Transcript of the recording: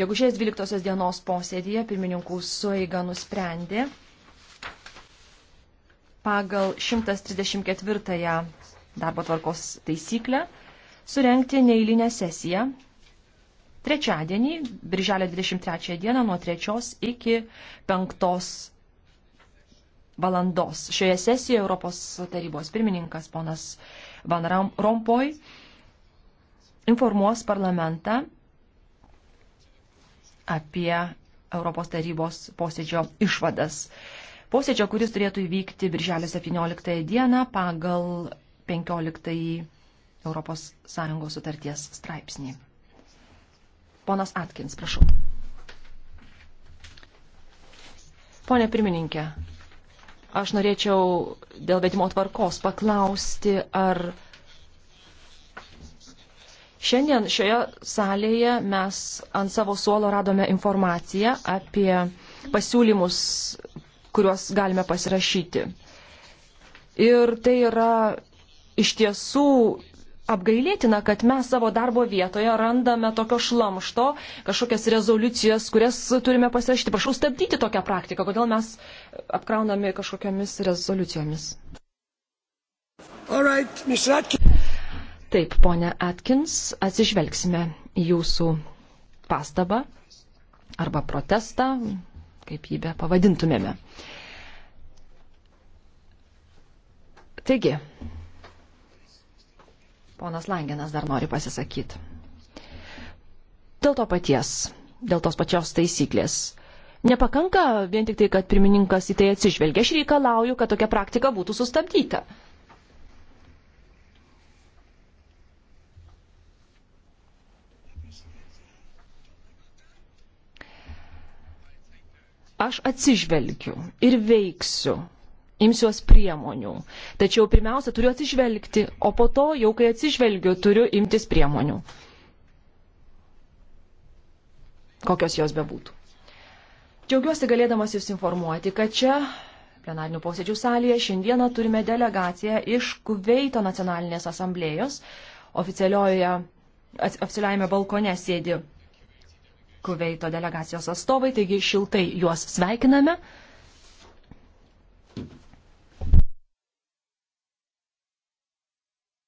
Gegužės 12 dienos posėdėje pirmininkų sueiga nusprendė pagal 134 darbo tvarkos taisyklę surenkti neįlinę sesiją trečiadienį, birželio 23 dieną nuo 3 iki 5 valandos. Šioje sesijoje Europos tarybos pirmininkas ponas Van Rompoj informuos parlamentą apie Europos tarybos posėdžio išvadas. Posėdžio, kuris turėtų įvykti birželio 17 dieną pagal 15 ES sutarties straipsnį. Ponas Atkins, prašau. Pone pirmininkė, aš norėčiau dėl vedimo tvarkos paklausti, ar Šiandien šioje salėje mes ant savo suolo radome informaciją apie pasiūlymus, kuriuos galime pasirašyti. Ir tai yra iš tiesų apgailėtina, kad mes savo darbo vietoje randame tokio šlamšto, kažkokias rezoliucijas, kurias turime pasirašyti. Prašau stabdyti tokią praktiką, kodėl mes apkraunami kažkokiamis rezoliucijomis. All right, Taip, ponia Atkins, atsižvelgsime į jūsų pastabą arba protestą, kaip jį be pavadintumėme. Taigi, ponas Langenas dar nori pasisakyti. Dėl to paties, dėl tos pačios taisyklės. Nepakanka vien tik tai, kad pirmininkas į tai atsižvelgia. Aš reikalauju, kad tokia praktika būtų sustabdyta. Aš atsižvelgiu ir veiksiu, imsiuos priemonių. Tačiau pirmiausia, turiu atsižvelgti, o po to, jau kai atsižvelgiu, turiu imtis priemonių. Kokios jos bebūtų. Džiaugiuosi galėdamas Jūs informuoti, kad čia plenarnių posėdžių salėje šiandieną turime delegaciją iš Kuveito nacionalinės asamblėjos. Oficialiajame balkone sėdi Kuveito delegacijos atstovai, taigi šiltai juos sveikiname.